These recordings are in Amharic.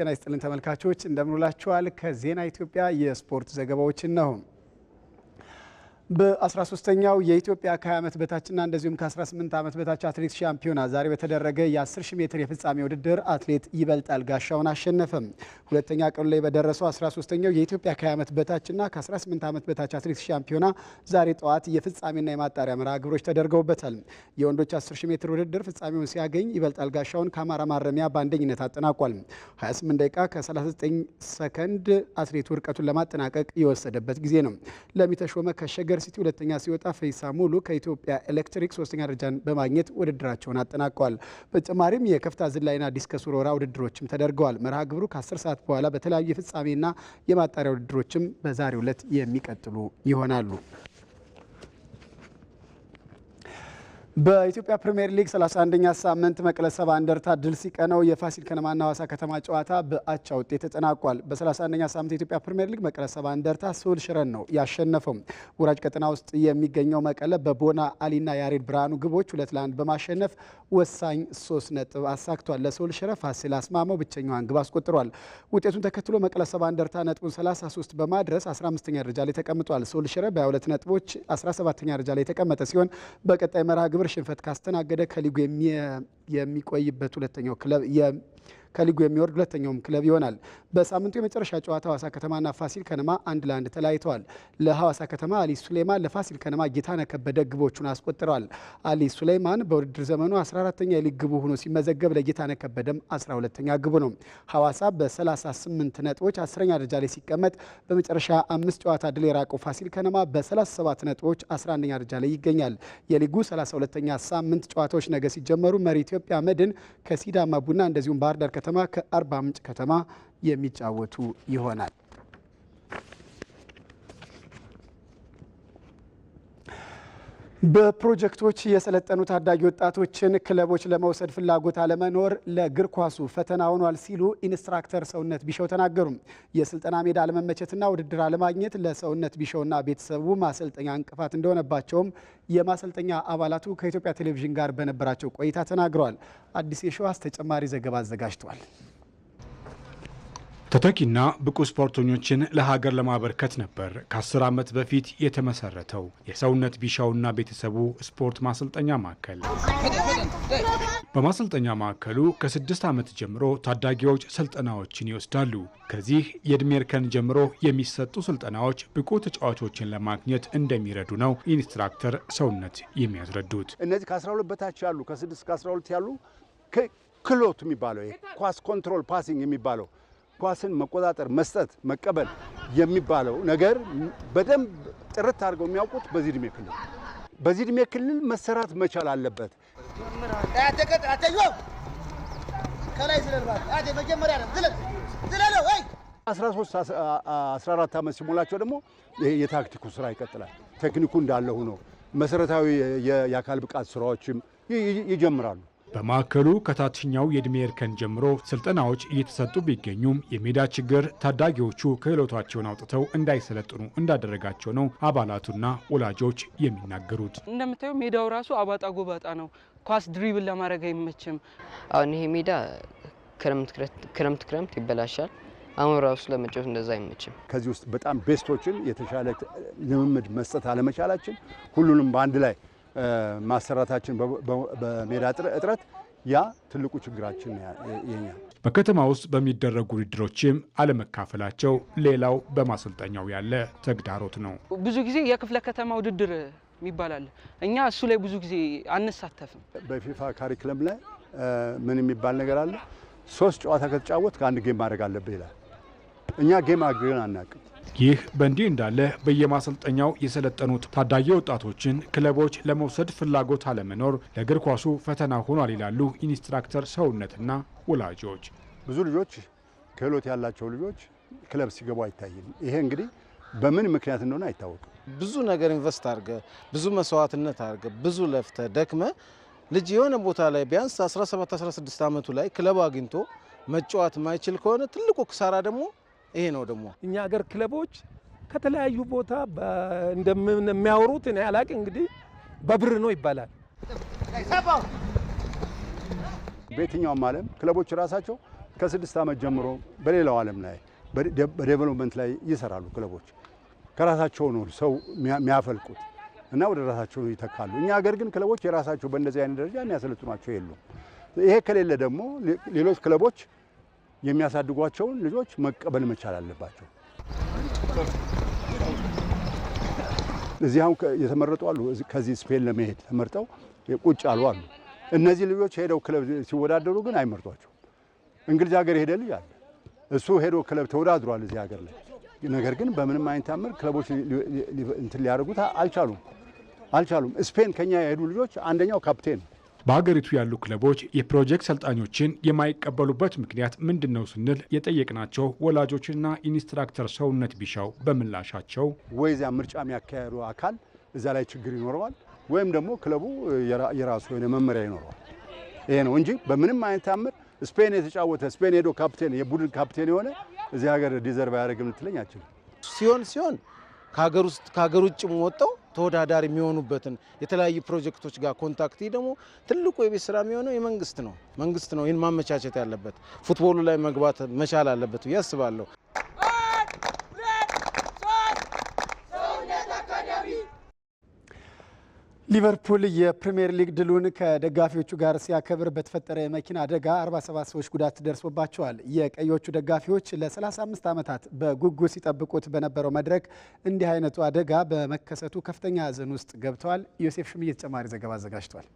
ጤና ይስጥልን ተመልካቾች እንደምንውላችኋል። ከዜና ኢትዮጵያ የስፖርት ዘገባዎችን ነው። በ13ኛው የኢትዮጵያ ከ20 ዓመት በታችና እንደዚሁም ከ18 ዓመት በታች አትሌቲክስ ሻምፒዮና ዛሬ በተደረገ የ 10000 ሜትር የፍጻሜ ውድድር አትሌት ይበልጣል ጋሻውን አሸነፈም። ሁለተኛ ቀኑ ላይ በደረሰው 13ኛው የኢትዮጵያ ከ20 ዓመት በታችና ከ18 ዓመት በታች አትሌቲክስ ሻምፒዮና ዛሬ ጠዋት የፍጻሜና የማጣሪያ መርሃ ግብሮች ተደርገውበታል። የወንዶች 10000 ሜትር ውድድር ፍጻሜውን ሲያገኝ ይበልጣል ጋሻውን ከአማራ ማረሚያ በአንደኝነት አጠናቋል። 28 ደቂቃ ከ39 ሰከንድ አትሌቱ ርቀቱን ለማጠናቀቅ የወሰደበት ጊዜ ነው። ለሚተሾመ ከሸገ ዩኒቨርሲቲ ሁለተኛ ሲወጣ ፈይሳ ሙሉ ከኢትዮጵያ ኤሌክትሪክ ሶስተኛ ደረጃን በማግኘት ውድድራቸውን አጠናቀዋል። በተጨማሪም የከፍታ ዝላይና ዲስከስ ውርወራ ውድድሮችም ተደርገዋል። መርሃ ግብሩ ከ10 ሰዓት በኋላ በተለያዩ የፍጻሜና የማጣሪያ ውድድሮችም በዛሬው ዕለት የሚቀጥሉ ይሆናሉ። በኢትዮጵያ ፕሪምየር ሊግ 31ኛ ሳምንት መቀለ ሰባ እንደርታ ድል ሲቀነው የፋሲል ከነማና ሐዋሳ ከተማ ጨዋታ በአቻ ውጤት ተጠናቋል። በ31ኛ ሳምንት የኢትዮጵያ ፕሪምየር ሊግ መቀለ ሰባ እንደርታ ስውል ሽረን ነው ያሸነፈው። ወራጅ ቀጠና ውስጥ የሚገኘው መቀለ በቦና አሊና ያሬድ ብርሃኑ ግቦች ሁለት ለአንድ በማሸነፍ ወሳኝ ሶስት ነጥብ አሳክቷል። ለስውል ሽረ ፋሲል አስማመው ብቸኛዋን ግብ አስቆጥሯል። ውጤቱን ተከትሎ መቀለ ሰባ እንደርታ ነጥቡን 33 በማድረስ 15ኛ ደረጃ ላይ ተቀምጧል። ስውል ሽረ በ22 ነጥቦች 17ኛ ደረጃ ላይ የተቀመጠ ሲሆን በቀጣይ መርሃ ግብር ግብር ሽንፈት ካስተናገደ ከሊጉ የሚቆይበት ሁለተኛው ክለብ ከሊጉ የሚወርድ ሁለተኛውም ክለብ ይሆናል። በሳምንቱ የመጨረሻ ጨዋታ ሐዋሳ ከተማና ፋሲል ከነማ አንድ ለአንድ ተለያይተዋል። ለሐዋሳ ከተማ አሊ ሱሌማን፣ ለፋሲል ከነማ ጌታነህ ከበደ ግቦቹን አስቆጥረዋል። አሊ ሱሌማን በውድድር ዘመኑ 14ተኛ የሊግ ግቡ ሆኖ ሲመዘገብ ለጌታነህ ከበደም 12ተኛ ግቡ ነው። ሐዋሳ በ38 ነጥቦች 10ኛ ደረጃ ላይ ሲቀመጥ በመጨረሻ አምስት ጨዋታ ድል የራቀው ፋሲል ከነማ በ37 ነጥቦች 11ኛ ደረጃ ላይ ይገኛል። የሊጉ 32ተኛ ሳምንት ጨዋታዎች ነገ ሲጀመሩ መሪ ኢትዮጵያ መድን ከሲዳማ ቡና እንደዚሁም ባህር ዳር ከተማ ከአርባ ምንጭ ከተማ የሚጫወቱ ይሆናል። በፕሮጀክቶች የሰለጠኑ ታዳጊ ወጣቶችን ክለቦች ለመውሰድ ፍላጎት አለመኖር ለእግር ኳሱ ፈተና ሆኗል ሲሉ ኢንስትራክተር ሰውነት ቢሻው ተናገሩም። የስልጠና ሜዳ አለመመቸትና ውድድር አለማግኘት ለሰውነት ቢሻውና ቤተሰቡ ማሰልጠኛ እንቅፋት እንደሆነባቸውም የማሰልጠኛ አባላቱ ከኢትዮጵያ ቴሌቪዥን ጋር በነበራቸው ቆይታ ተናግረዋል። አዲስ የሸዋስ ተጨማሪ ዘገባ አዘጋጅቷል። ተተኪና ብቁ ስፖርተኞችን ለሀገር ለማበርከት ነበር ከአስር ዓመት በፊት የተመሰረተው የሰውነት ቢሻውና ቤተሰቡ ስፖርት ማሰልጠኛ ማዕከል። በማሰልጠኛ ማዕከሉ ከስድስት ዓመት ጀምሮ ታዳጊዎች ስልጠናዎችን ይወስዳሉ። ከዚህ የእድሜ እርከን ጀምሮ የሚሰጡ ስልጠናዎች ብቁ ተጫዋቾችን ለማግኘት እንደሚረዱ ነው ኢንስትራክተር ሰውነት የሚያስረዱት። እነዚህ ከ12 በታች ያሉ ከ6 ከ 12 ያሉ ክሎት የሚባለው ኳስ ኮንትሮል ፓሲንግ የሚባለው ኳስን መቆጣጠር፣ መስጠት፣ መቀበል የሚባለው ነገር በደንብ ጥርት አድርገው የሚያውቁት በዚህ እድሜ ክልል በዚህ እድሜ ክልል መሰራት መቻል አለበት። አስራ ሶስት አስራ አራት ዓመት ሲሞላቸው ደግሞ የታክቲኩ ስራ ይቀጥላል። ቴክኒኩ እንዳለ ሆኖ መሰረታዊ የአካል ብቃት ስራዎችም ይጀምራሉ። በማዕከሉ ከታችኛው የዕድሜ እርከን ጀምሮ ስልጠናዎች እየተሰጡ ቢገኙም የሜዳ ችግር ታዳጊዎቹ ክህሎታቸውን አውጥተው እንዳይሰለጥኑ እንዳደረጋቸው ነው አባላቱና ወላጆች የሚናገሩት። እንደምታየው ሜዳው ራሱ አባጣ ጎባጣ ነው። ኳስ ድሪብል ለማድረግ አይመችም። አሁን ይሄ ሜዳ ክረምት ክረምት ይበላሻል። አሁን ራሱ ለመጫወት እንደዛ አይመችም። ከዚህ ውስጥ በጣም ቤስቶችን የተሻለ ልምምድ መስጠት አለመቻላችን ሁሉንም በአንድ ላይ ማሰራታችን በሜዳ እጥረት ያ ትልቁ ችግራችን የኛ። በከተማ ውስጥ በሚደረጉ ውድድሮችም አለመካፈላቸው ሌላው በማሰልጠኛው ያለ ተግዳሮት ነው። ብዙ ጊዜ የክፍለ ከተማ ውድድር ይባላል። እኛ እሱ ላይ ብዙ ጊዜ አንሳተፍም። በፊፋ ካሪክለም ላይ ምን የሚባል ነገር አለ? ሶስት ጨዋታ ከተጫወት ከአንድ ጌም ማድረግ አለብህ ይላል። እኛ ጌም አግን አናቅም። ይህ በእንዲህ እንዳለ በየማሰልጠኛው የሰለጠኑት ታዳጊ ወጣቶችን ክለቦች ለመውሰድ ፍላጎት አለመኖር ለእግር ኳሱ ፈተና ሆኗል ይላሉ ኢንስትራክተር ሰውነትና ወላጆች። ብዙ ልጆች ክህሎት ያላቸው ልጆች ክለብ ሲገቡ አይታይም። ይሄ እንግዲህ በምን ምክንያት እንደሆነ አይታወቅም። ብዙ ነገር ኢንቨስት አድርገ ብዙ መስዋዕትነት አድርገ ብዙ ለፍተ ደክመ ልጅ የሆነ ቦታ ላይ ቢያንስ 17 16 ዓመቱ ላይ ክለብ አግኝቶ መጫወት ማይችል ከሆነ ትልቁ ክሳራ ደግሞ ይሄ ነው ደግሞ እኛ ሀገር ክለቦች ከተለያዩ ቦታ እንደሚያወሩት እኔ አላቅ እንግዲህ በብር ነው ይባላል። በየትኛውም ዓለም ክለቦች ራሳቸው ከስድስት ዓመት ጀምሮ በሌላው ዓለም ላይ በዴቨሎፕመንት ላይ ይሰራሉ። ክለቦች ከራሳቸው ነው ሰው የሚያፈልቁት እና ወደ ራሳቸው ይተካሉ። እኛ ሀገር ግን ክለቦች የራሳቸው በእንደዚህ አይነት ደረጃ የሚያሰለጥኗቸው የሉም። ይሄ ከሌለ ደግሞ ሌሎች ክለቦች የሚያሳድጓቸውን ልጆች መቀበል መቻል አለባቸው። እዚህ የተመረጡ አሉ። ከዚህ ስፔን ለመሄድ ተመርጠው ቁጭ አሉ አሉ። እነዚህ ልጆች ሄደው ክለብ ሲወዳደሩ ግን አይመርጧቸውም። እንግሊዝ ሀገር የሄደ ልጅ አለ። እሱ ሄዶ ክለብ ተወዳድሯል እዚህ ሀገር ላይ። ነገር ግን በምንም አይነት ታምር ክለቦች እንትን ሊያደርጉት አልቻሉም አልቻሉም። ስፔን ከኛ የሄዱ ልጆች አንደኛው ካፕቴን በሀገሪቱ ያሉ ክለቦች የፕሮጀክት ሰልጣኞችን የማይቀበሉበት ምክንያት ምንድን ነው ስንል የጠየቅናቸው ወላጆችና ኢንስትራክተር ሰውነት ቢሻው በምላሻቸው ወይ እዚያ ምርጫ የሚያካሄዱ አካል እዛ ላይ ችግር ይኖረዋል ወይም ደግሞ ክለቡ የራሱ የሆነ መመሪያ ይኖረዋል። ይሄ ነው እንጂ በምንም አይነት ታምር ስፔን የተጫወተ ስፔን ሄዶ ካፕቴን የቡድን ካፕቴን የሆነ እዚህ ሀገር ዲዘርቭ አያደርግም ልትለኝ አችልም። ሲሆን ሲሆን ከሀገር ውስጥ ከሀገር ውጭ ወጥተው ተወዳዳሪ የሚሆኑበትን የተለያዩ ፕሮጀክቶች ጋር ኮንታክት ደግሞ ትልቁ የቤት ስራ የሚሆነው የመንግስት ነው። መንግስት ነው ይህን ማመቻቸት ያለበት፣ ፉትቦሉ ላይ መግባት መቻል አለበት ብዬ አስባለሁ። ሊቨርፑል የፕሪምየር ሊግ ድሉን ከደጋፊዎቹ ጋር ሲያከብር በተፈጠረ የመኪና አደጋ 47 ሰዎች ጉዳት ደርሶባቸዋል። የቀዮቹ ደጋፊዎች ለ35 ዓመታት በጉጉት ሲጠብቁት በነበረው መድረክ እንዲህ አይነቱ አደጋ በመከሰቱ ከፍተኛ ሐዘን ውስጥ ገብተዋል። ዮሴፍ ሽምዬ ተጨማሪ ዘገባ አዘጋጅቷል።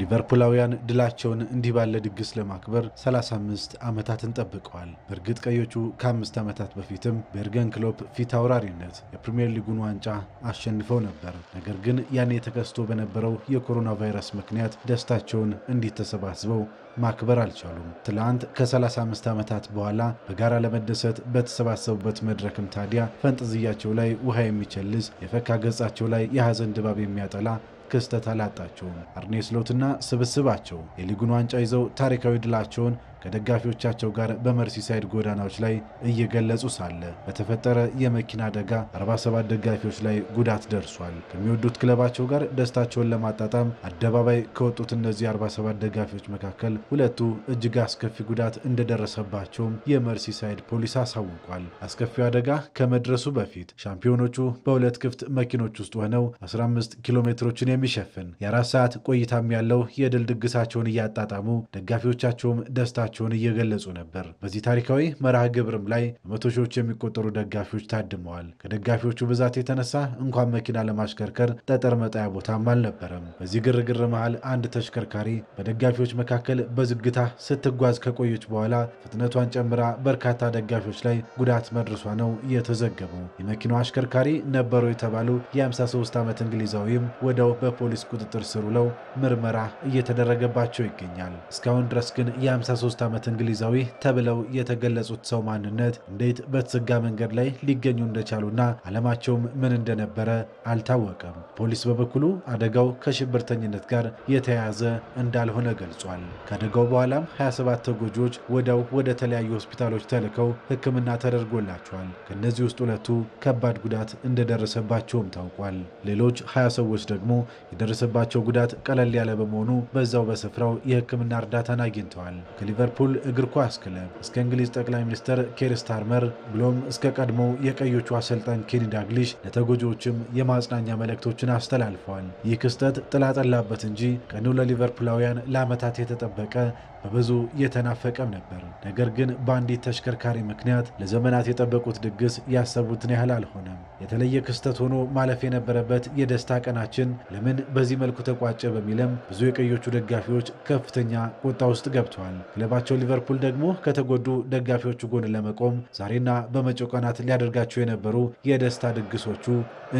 ሊቨርፑላውያን ድላቸውን እንዲህ ባለ ድግስ ለማክበር 35 ዓመታትን ጠብቀዋል። በእርግጥ ቀዮቹ ከአምስት ዓመታት በፊትም በኤርገን ክሎፕ ፊት አውራሪነት የፕሪምየር ሊጉን ዋንጫ አሸንፈው ነበር። ነገር ግን ያኔ ተከስቶ በነበረው የኮሮና ቫይረስ ምክንያት ደስታቸውን እንዲህ ተሰባስበው ማክበር አልቻሉም። ትላንት ከ35 ዓመታት በኋላ በጋራ ለመደሰት በተሰባሰቡበት መድረክም ታዲያ ፈንጥዝያቸው ላይ ውሃ የሚቸልስ የፈካ ገጻቸው ላይ የሐዘን ድባብ የሚያጠላ ክስተት አላጣቸውም። አርኔ ስሎትና ስብስባቸው የሊጉን ዋንጫ ይዘው ታሪካዊ ድላቸውን ከደጋፊዎቻቸው ጋር በመርሲሳይድ ጎዳናዎች ላይ እየገለጹ ሳለ በተፈጠረ የመኪና አደጋ 47 ደጋፊዎች ላይ ጉዳት ደርሷል። ከሚወዱት ክለባቸው ጋር ደስታቸውን ለማጣጣም አደባባይ ከወጡት እነዚህ 47 ደጋፊዎች መካከል ሁለቱ እጅግ አስከፊ ጉዳት እንደደረሰባቸውም የመርሲሳይድ ፖሊስ አሳውቋል። አስከፊው አደጋ ከመድረሱ በፊት ሻምፒዮኖቹ በሁለት ክፍት መኪኖች ውስጥ ሆነው 15 ኪሎ ሜትሮችን የሚሸፍን የአራት ሰዓት ቆይታም ያለው የድል ድግሳቸውን እያጣጣሙ ደጋፊዎቻቸውም ደስታ ደስታቸውን እየገለጹ ነበር። በዚህ ታሪካዊ መርሃ ግብርም ላይ መቶ ሺዎች የሚቆጠሩ ደጋፊዎች ታድመዋል። ከደጋፊዎቹ ብዛት የተነሳ እንኳን መኪና ለማሽከርከር ጠጠር መጣያ ቦታም አልነበረም። በዚህ ግርግር መሃል አንድ ተሽከርካሪ በደጋፊዎች መካከል በዝግታ ስትጓዝ ከቆየች በኋላ ፍጥነቷን ጨምራ በርካታ ደጋፊዎች ላይ ጉዳት መድረሷ ነው የተዘገበው። የመኪናው አሽከርካሪ ነበሩ የተባሉ የ53 ዓመት እንግሊዛዊም ወደው በፖሊስ ቁጥጥር ስር ውለው ምርመራ እየተደረገባቸው ይገኛል። እስካሁን ድረስ ግን የ53 የሶስት ዓመት እንግሊዛዊ ተብለው የተገለጹት ሰው ማንነት እንዴት በተዘጋ መንገድ ላይ ሊገኙ እንደቻሉና ዓለማቸውም ምን እንደነበረ አልታወቀም። ፖሊስ በበኩሉ አደጋው ከሽብርተኝነት ጋር የተያያዘ እንዳልሆነ ገልጿል። ከአደጋው በኋላም 27 ተጎጂዎች ወዲያው ወደ ተለያዩ ሆስፒታሎች ተልከው ሕክምና ተደርጎላቸዋል። ከእነዚህ ውስጥ ሁለቱ ከባድ ጉዳት እንደደረሰባቸውም ታውቋል። ሌሎች 20 ሰዎች ደግሞ የደረሰባቸው ጉዳት ቀለል ያለ በመሆኑ በዛው በስፍራው የሕክምና እርዳታን አግኝተዋል። ከሊቨር ሊቨርፑል እግር ኳስ ክለብ እስከ እንግሊዝ ጠቅላይ ሚኒስትር ኬር ስታርመር ብሎም እስከ ቀድሞው የቀዮቹ አሰልጣኝ ኬኒ ዳግሊሽ ለተጎጂዎችም የማጽናኛ መልእክቶችን አስተላልፈዋል። ይህ ክስተት ጥላ ጠላበት እንጂ ቀኑ ለሊቨርፑላውያን ለዓመታት የተጠበቀ በብዙ እየተናፈቀም ነበር። ነገር ግን በአንዲት ተሽከርካሪ ምክንያት ለዘመናት የጠበቁት ድግስ ያሰቡትን ያህል አልሆነም። የተለየ ክስተት ሆኖ ማለፍ የነበረበት የደስታ ቀናችን ለምን በዚህ መልኩ ተቋጨ በሚልም ብዙ የቀዮቹ ደጋፊዎች ከፍተኛ ቁጣ ውስጥ ገብተዋል። ክለባቸው ሊቨርፑል ደግሞ ከተጎዱ ደጋፊዎቹ ጎን ለመቆም ዛሬና በመጪው ቀናት ሊያደርጋቸው የነበሩ የደስታ ድግሶቹ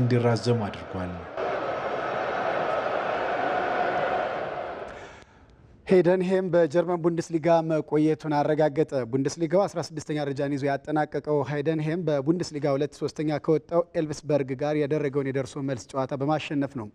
እንዲራዘሙ አድርጓል። ሄደንሄም በጀርመን ቡንደስሊጋ መቆየቱን አረጋገጠ። ቡንደስሊጋው 16ኛ ደረጃን ይዞ ያጠናቀቀው ሄደንሄም በቡንደስሊጋ ሁለት ሶስተኛ ከወጣው ኤልቭስበርግ ጋር ያደረገውን የደርሶ መልስ ጨዋታ በማሸነፍ ነው።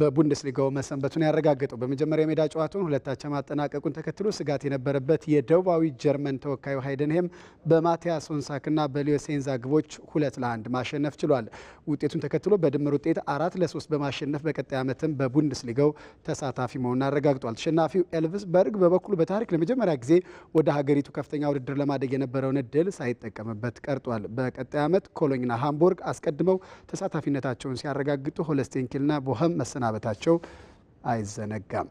በቡንደስሊጋው መሰንበቱን ያረጋገጠው። በመጀመሪያ የሜዳ ጨዋታውን ሁለታቸው ማጠናቀቁን ተከትሎ ስጋት የነበረበት የደቡባዊ ጀርመን ተወካዩ ሃይደንሄም በማቲያስ ኦንሳክና በሊዮ ሴንዛ ግቦች ሁለት ለአንድ ማሸነፍ ችሏል። ውጤቱን ተከትሎ በድምር ውጤት አራት ለሶስት በማሸነፍ በቀጣይ ዓመትም በቡንደስሊጋው ተሳታፊ መሆኑን አረጋግጧል። አሸናፊው ኤልቭስበርግ በበኩሉ በታሪክ ለመጀመሪያ ጊዜ ወደ ሀገሪቱ ከፍተኛ ውድድር ለማደግ የነበረውን እድል ሳይጠቀምበት ቀርጧል። በቀጣይ ዓመት ኮሎኝና ሃምቡርግ አስቀድመው ተሳታፊነታቸውን ሲያረጋግጡ ሆለስቴንኪልና ቦኸም መሰናል መሰናበታቸው አይዘነጋም።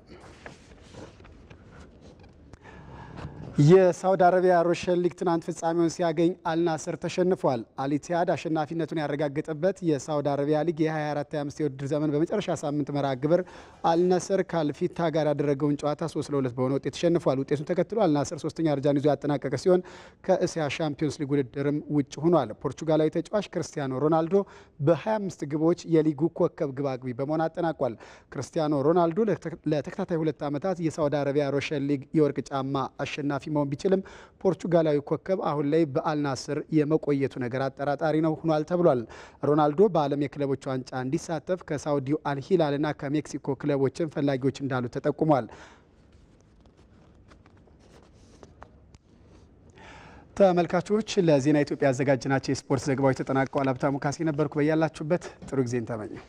የሳውዲ አረቢያ ሮሸን ሊግ ትናንት ፍጻሜውን ሲያገኝ አልናስር ተሸንፏል። አሊቲያድ አሸናፊነቱን ያረጋገጠበት የሳውዲ አረቢያ ሊግ የ24/25 የውድድር ዘመን በመጨረሻ ሳምንት መርሃ ግብር አልናስር ካልፊታ ጋር ያደረገውን ጨዋታ 3 ለ2 በሆነ ውጤት ተሸንፏል። ውጤቱን ተከትሎ አልናስር ሶስተኛ ደረጃን ይዞ ያጠናቀቀ ሲሆን ከእስያ ሻምፒዮንስ ሊግ ውድድርም ውጭ ሆኗል። ፖርቹጋላዊ ተጫዋች ክርስቲያኖ ሮናልዶ በ25 ግቦች የሊጉ ኮከብ ግብ አግቢ በመሆን አጠናቋል። ክርስቲያኖ ሮናልዶ ለተከታታይ ሁለት ዓመታት የሳውዲ አረቢያ ሮሸን ሊግ የወርቅ ጫማ አሸናፊ መሆን ቢችልም ፖርቹጋላዊ ኮከብ አሁን ላይ በአልናስር የመቆየቱ ነገር አጠራጣሪ ነው ሆኗል ተብሏል። ሮናልዶ በዓለም የክለቦች ዋንጫ እንዲሳተፍ ከሳውዲው አልሂላልና ከሜክሲኮ ክለቦችን ፈላጊዎች እንዳሉ ተጠቁሟል። ተመልካቾች ለዜና ኢትዮጵያ ያዘጋጅናቸው የስፖርት ዘገባዎች ተጠናቀዋል። ሀብታሙ ካሴ ነበርኩ። በያላችሁበት ጥሩ ጊዜን ተመኘ